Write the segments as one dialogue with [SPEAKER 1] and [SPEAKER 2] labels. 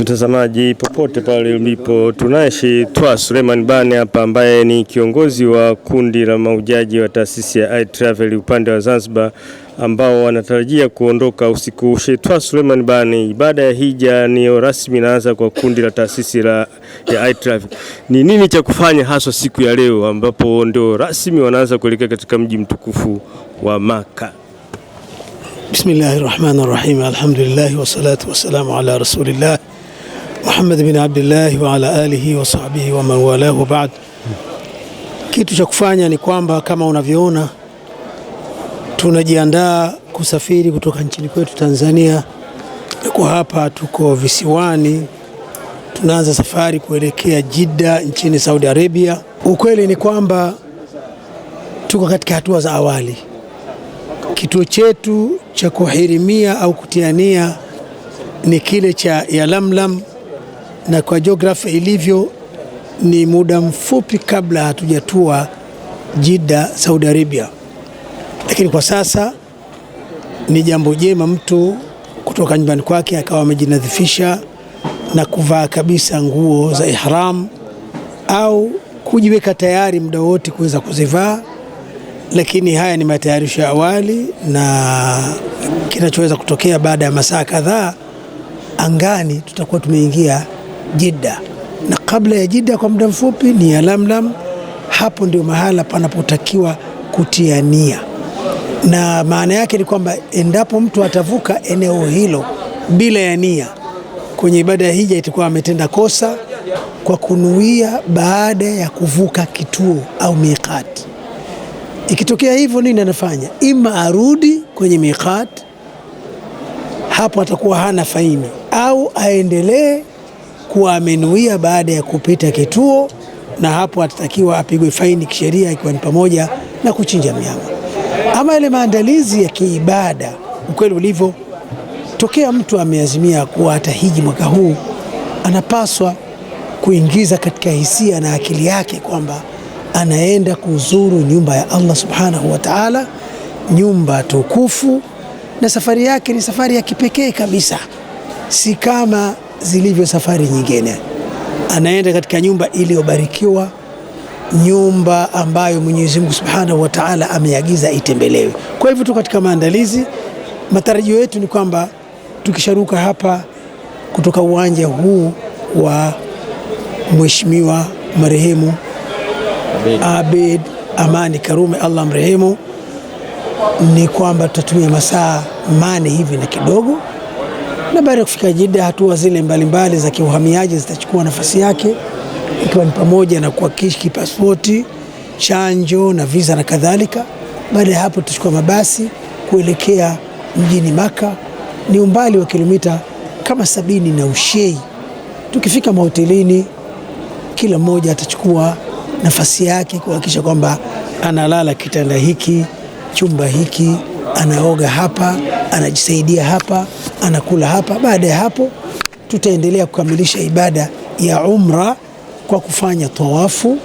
[SPEAKER 1] Mtazamaji popote pale ulipo, tunaye Sheikh Twa Suleiman Bane hapa ambaye ni kiongozi wa kundi la maujaji wa taasisi ya I Travel upande wa Zanzibar ambao wanatarajia kuondoka usiku. Sheikh Twa Suleiman Bane, ibada ya hija ni rasmi inaanza kwa kundi la taasisi la ya I Travel. Ni nini cha kufanya haswa siku ya leo ambapo ndio rasmi wanaanza kuelekea katika mji mtukufu wa Maka?
[SPEAKER 2] Bismillahi rahmani rahim. Alhamdulillahi wassalatu wassalamu ala rasulillah Muhammad bin Abdillahi wa ala alihi wa sahbihi wa man walahu wa ba'd. Kitu cha kufanya ni kwamba kama unavyoona tunajiandaa kusafiri kutoka nchini kwetu Tanzania, kwa hapa tuko visiwani, tunaanza safari kuelekea Jidda nchini Saudi Arabia. Ukweli ni kwamba tuko katika hatua za awali Kituo chetu cha kuhirimia au kutiania ni kile cha Yalamlam, na kwa jiografia ilivyo ni muda mfupi kabla hatujatua Jidda, Saudi Arabia. Lakini kwa sasa ni jambo jema mtu kutoka nyumbani kwake akawa amejinadhifisha na kuvaa kabisa nguo za ihram au kujiweka tayari muda wote kuweza kuzivaa lakini haya ni matayarisho ya awali, na kinachoweza kutokea baada ya masaa kadhaa, angani tutakuwa tumeingia Jidda, na kabla ya Jidda kwa muda mfupi ni ya Lamlam. Hapo ndio mahala panapotakiwa kutia nia, na maana yake ni kwamba endapo mtu atavuka eneo hilo bila ya nia kwenye ibada ya hija, itakuwa ametenda kosa kwa kunuia baada ya kuvuka kituo au miqati. Ikitokea hivyo, nini anafanya? Ima arudi kwenye miqat, hapo atakuwa hana faini, au aendelee kuwa amenuia baada ya kupita kituo, na hapo atatakiwa apigwe faini kisheria, ikiwa ni pamoja na kuchinja mnyama. Ama yale maandalizi ya kiibada, ukweli ulivyo tokea mtu ameazimia kuwa atahiji mwaka huu, anapaswa kuingiza katika hisia na akili yake kwamba anaenda kuzuru nyumba ya Allah subhanahu wa ta'ala, nyumba tukufu. Na safari yake ni safari ya kipekee kabisa, si kama zilivyo safari nyingine. Anaenda katika nyumba iliyobarikiwa, nyumba ambayo Mwenyezi Mungu subhanahu wa ta'ala ameagiza itembelewe. Kwa hivyo tu katika maandalizi, matarajio yetu ni kwamba tukisharuka hapa kutoka uwanja huu wa Mheshimiwa marehemu Abed Amani Karume, Allah mrehemu, ni kwamba tutatumia masaa mane hivi na kidogo, na baada ya kufika Jida, hatua zile mbalimbali mbali za kiuhamiaji zitachukua nafasi yake, ikiwa ni pamoja na kuhakikisha kipasipoti, chanjo na visa na kadhalika. Baada ya hapo, tutachukua mabasi kuelekea mjini Maka, ni umbali wa kilomita kama sabini na ushei. Tukifika mahotelini, kila mmoja atachukua nafasi yake, kuhakikisha kwamba analala kitanda hiki, chumba hiki, anaoga hapa, anajisaidia hapa, anakula hapa. Baada ya hapo, tutaendelea kukamilisha ibada ya umra kwa kufanya tawafu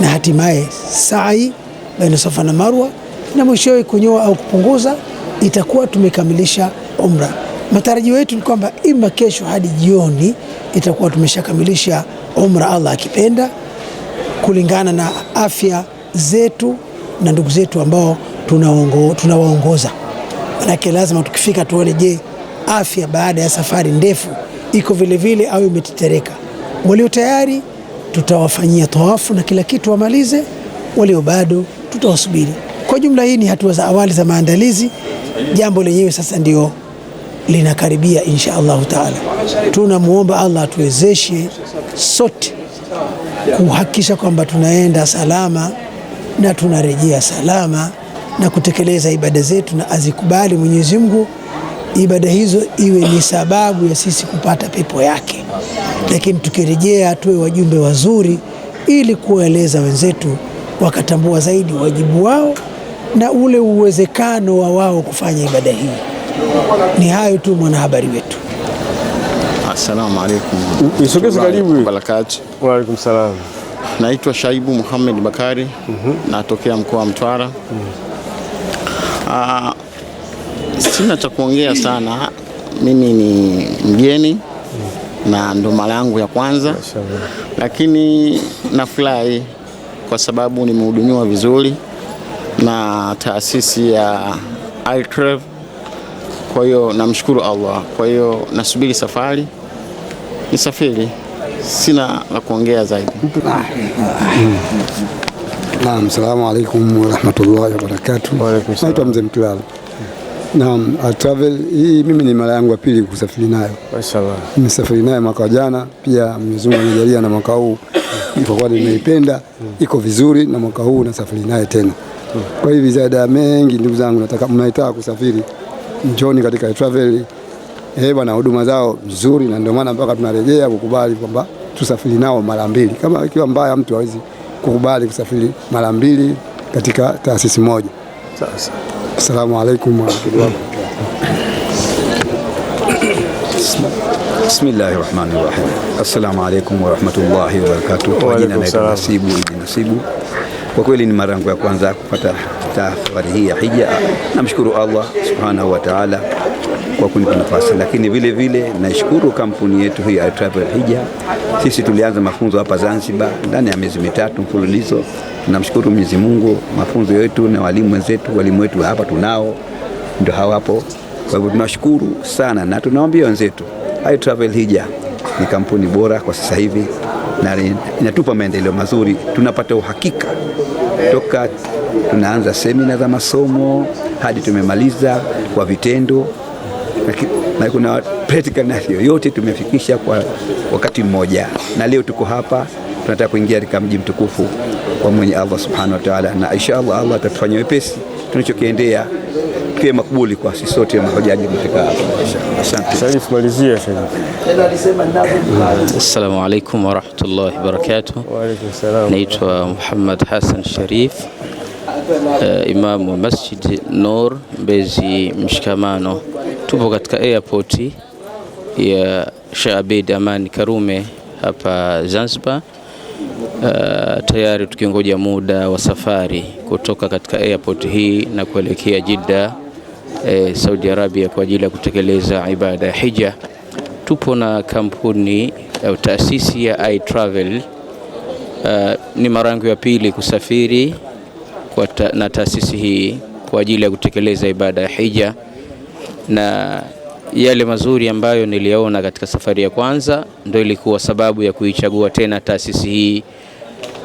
[SPEAKER 2] na hatimaye sa'i baina Safa na Marwa na mwishowe kunyoa au kupunguza, itakuwa tumekamilisha umra. Matarajio yetu ni kwamba ima kesho hadi jioni itakuwa tumeshakamilisha umra, Allah akipenda kulingana na afya zetu na ndugu zetu ambao tunawaongoza. Manake lazima tukifika tuone, je, afya baada ya safari ndefu iko vilevile au imetetereka? Walio tayari tutawafanyia tawafu na kila kitu wamalize, walio bado tutawasubiri. Kwa jumla, hii ni hatua za awali za maandalizi. Jambo lenyewe sasa ndio linakaribia, insha Allahu taala. Tunamwomba Allah atuwezeshe sote kuhakikisha kwamba tunaenda salama na tunarejea salama na kutekeleza ibada zetu, na azikubali Mwenyezi Mungu ibada hizo iwe ni sababu ya sisi kupata pepo yake, lakini tukirejea tuwe wajumbe wazuri, ili kuwaeleza wenzetu wakatambua zaidi wajibu wao na ule uwezekano wa wao kufanya ibada hii. Ni hayo tu, mwanahabari wetu.
[SPEAKER 3] Assalamu alaikum.
[SPEAKER 4] Nisogeze karibu.
[SPEAKER 5] Wa alaikum salam.
[SPEAKER 3] Naitwa Shaibu Muhammad Bakari mm -hmm. Natokea mkoa wa Mtwara mm
[SPEAKER 6] -hmm. Sina cha kuongea sana, mimi ni mgeni mhm. na ndo mara yangu ya kwanza lakini Lakini nafurahi kwa sababu nimehudumiwa vizuri na taasisi ya Alkref, kwa hiyo namshukuru Allah. Kwa hiyo nasubiri safari Nisafiri, sina la kuongea zaidi.
[SPEAKER 7] Naam, salamu alaikum warahmatullahi wabarakatuh.
[SPEAKER 8] Naitwa Mzee Mkilala. Naam, travel hii mimi ni mara yangu ya pili kusafiri nayo. Mashaallah. Nimesafiri nayo mwaka jana pia Mwenyezi Mungu na mwaka huu kwa kuwa nimeipenda iko vizuri na mwaka huu nasafiri naye tena. Kwa hivi ziada mengi ndugu zangu nataka mnaitaka kusafiri, njoni katika travel eh bwana, huduma zao nzuri, na ndio maana mpaka tunarejea kukubali kwamba tusafiri nao mara mbili. Kama ikiwa mbaya, mtu hawezi kukubali kusafiri mara mbili katika taasisi moja. Sasa,
[SPEAKER 9] assalamu alaikum warahmatullahi
[SPEAKER 10] Bismillahi rahmani rahim. Assalamu alaikum warahmatullahi wabarakatuh. Kwa jina naitwa Nasibu Idi Nasibu kwa kweli ni mara yangu ya kwanza kupata safari hii ya hija. Namshukuru Allah subhanahu wa ta'ala kwa kunipa nafasi, lakini vile vile naishukuru kampuni yetu hii ya Travel Hija. Sisi tulianza mafunzo hapa Zanzibar ndani ya miezi mitatu mfululizo. Tunamshukuru Mwenyezi Mungu, mafunzo yetu na walimu wenzetu, walimu wetu hapa tunao, ndio hawapo. Kwa hivyo tunashukuru sana na tunawaambia wenzetu, Travel Hija ni kampuni bora kwa sasa hivi na inatupa maendeleo mazuri. Tunapata uhakika toka tunaanza semina za masomo hadi tumemaliza kwa vitendo, na kuna practical na yoyote tumefikisha kwa wakati mmoja, na leo tuko hapa tunataka kuingia katika mji mtukufu wa mwenye Allah subhanahu wa ta'ala, na insha Allah Allah atatufanya wepesi tunachokiendea pia makubuli kwa sisi sote mahojaji katika hapa. Asante. Sharif, malizia Sharif.
[SPEAKER 11] Mm, assalamu alaykum wa rahmatullahi wa barakatuh. Wa alaykum salam. Naitwa Muhammad Hassan Sharif, uh, imamu wa Masjid Nur Mbezi Mshikamano. Tupo katika airport ya Sheikh Abeid Amani Karume hapa Zanzibar. Uh, tayari tukiongoja muda wa safari kutoka katika airport hii na kuelekea Jeddah e, Saudi Arabia kwa ajili ya kutekeleza ibada ya hija. Tupo na kampuni au taasisi ya Travel. Uh, e, ni mara yangu ya pili kusafiri kwa ta, na taasisi hii kwa ajili ya kutekeleza ibada ya hija, na yale mazuri ambayo niliyaona katika safari ya kwanza ndio ilikuwa sababu ya kuichagua tena taasisi hii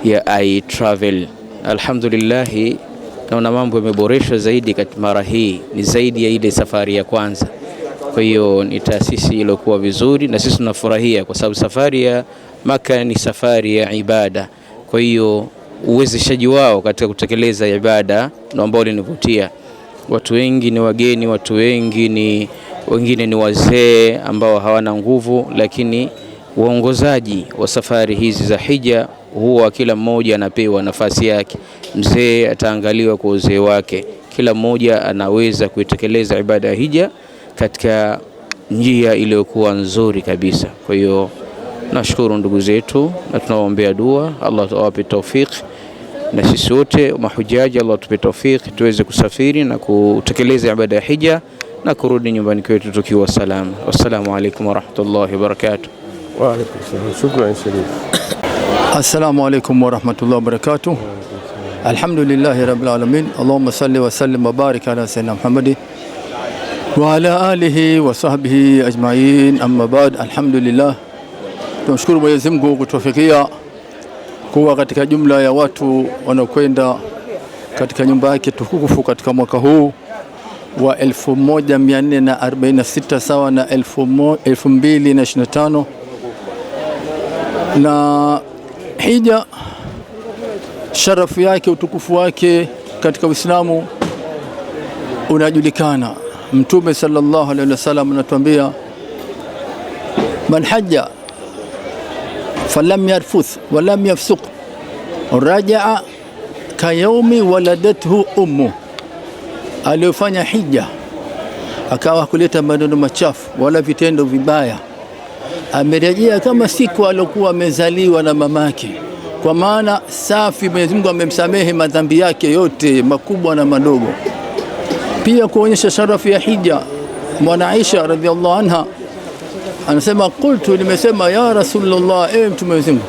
[SPEAKER 11] ya Travel. Alhamdulillah naona mambo yameboreshwa zaidi katika mara hii, ni zaidi ya ile safari ya kwanza. Kwa hiyo ni taasisi iliyokuwa vizuri, na sisi tunafurahia kwa sababu safari ya Maka ni safari ya ibada. Kwa hiyo uwezeshaji wao katika kutekeleza ibada na ambao linivutia. watu wengi ni wageni, watu wengi ni wengine ni wazee ambao hawana nguvu, lakini waongozaji wa safari hizi za hija huwa kila mmoja anapewa nafasi yake. Mzee ataangaliwa kwa uzee wake, kila mmoja anaweza kuitekeleza ibada ya hija katika njia iliyokuwa nzuri kabisa. Kwa hiyo nashukuru ndugu zetu na tunawaombea dua, Allah awape taufik na sisi wote mahujaji, Allah tupe taufik tuweze kusafiri na kutekeleza ibada ya hija na kurudi nyumbani kwetu tukiwa salama. Wassalamu alaikum warahmatullahi wabarakatuh.
[SPEAKER 12] Wa alaikum salam. Shukran.
[SPEAKER 13] Assalamu alaikum warahmatullahi wabarakatuh. Alhamdulillahi rabbil alamin. Allahumma salli wa sallim wa barik ala sayyidina muhammadin wa ala alihi wa sahbihi ajma'in. Amma ba'd, alhamdulillah, tunamshukuru Mwenyezi Mungu kutufikia kuwa katika jumla ya watu wanaokwenda katika nyumba yake tukufu katika mwaka huu wa 1446 sawa na 2025 na Hija sharafu yake, utukufu wake katika Uislamu unajulikana. Mtume sallallahu alaihi wasallam anatuambia, man hajja falam yarfuth walam yafsuq rajaa kayaumi waladathu ummu, aliyofanya hija akawa kuleta maneno machafu wala vitendo vibaya amerejea kama siku alokuwa amezaliwa na mamake, kwa maana safi. Mwenyezi Mungu amemsamehe madhambi yake yote makubwa na madogo. Pia kuonyesha sharafu ya hija, mwana Aisha radhiallahu anha anasema qultu, nimesema ya Rasulullah, ewe mtume wa Mwenyezi Mungu,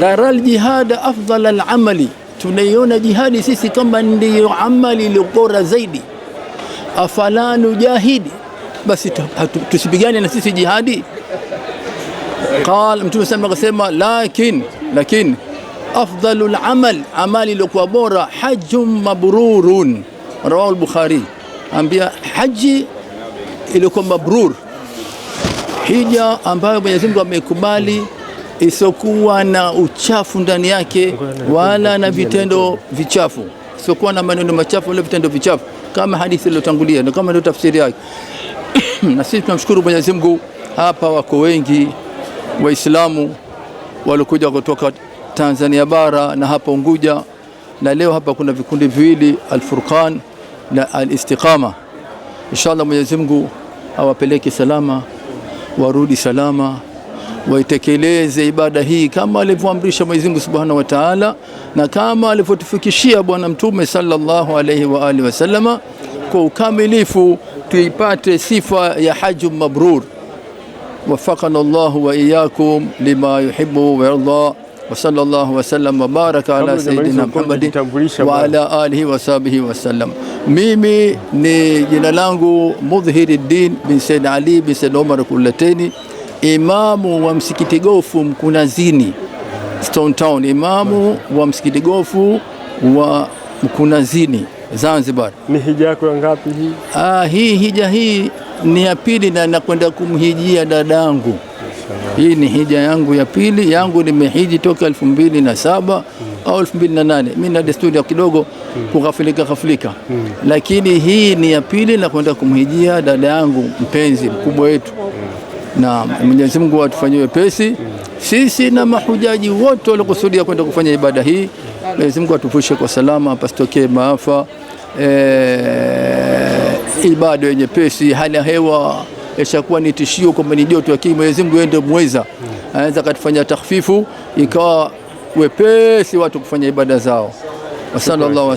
[SPEAKER 13] daral jihada afdal alamali, tunaiona jihadi sisi kama ndiyo amali iliyobora zaidi. Afalanu jahidi, basi tusipigane na sisi jihadi qal Mtume sallallahu akasema, lakin lakin afdalul amal, amali iliyokuwa bora hajjun mabrurun, rawahu al-Bukhari. Ambia haji iliyokuwa mabrur, hija ambayo Mwenyezi Mungu amekubali isiokuwa na uchafu ndani yake wala na vitendo vichafu, isiokuwa na maneno machafu wala vitendo vichafu, kama hadithi iliyotangulia na kama ndio tafsiri yake. Na sisi tunamshukuru Mwenyezi Mungu, hapa wako wengi. Waislamu walikuja kutoka Tanzania bara na hapa Unguja, na leo hapa kuna vikundi viwili, Al-Furqan na Al-Istiqama. Inshallah Mwenyezi Mungu awapeleke salama, warudi salama, waitekeleze ibada hii kama alivyoamrisha Mwenyezi Mungu Subhanahu wa Ta'ala, na kama alivyotufikishia Bwana Mtume sallallahu alayhi wa alihi wasallama kwa ukamilifu, tuipate sifa ya haju mabrur. وفقنا الله وإياكم لما يحب ويرضى وصلى الله وسلم وبارك على سيدنا محمد وعلى آله وصحبه وسلم ميمي ala alihi مظهر الدين بن سيد علي بن سيد عمر كلتيني imamu wa msikiti gofu Mkunazini Stone Town, imamu wa msikiti gofu wa Mkunazini Zanzibar.
[SPEAKER 14] Ni hija yako ngapi hii?
[SPEAKER 13] Ah, hii hija hii ni ya pili, na nakwenda kumhijia dadangu. Hii ni hija yangu ya pili yangu, nimehiji toka elfu mbili na saba au elfu mbili na nane mi na desturi kidogo kughafilika ghafilika, lakini hii ni ya pili na kwenda kumhijia dada yangu mpenzi mkubwa wetu, na Mwenyezi Mungu atufanyie wepesi sisi na mahujaji wote waliokusudia kwenda kufanya ibada hii. Mwenyezi Mungu atuvushe kwa salama, pasitokee maafa eh, lakini bado nyepesi, hali ya hewa ishakuwa ni tishio kwamba ni joto, lakini Mwenyezi Mungu yeye muweza, mweza, anaweza akatufanyia takhfifu ikawa wepesi watu kufanya ibada zao. Wasallallahu wasallam.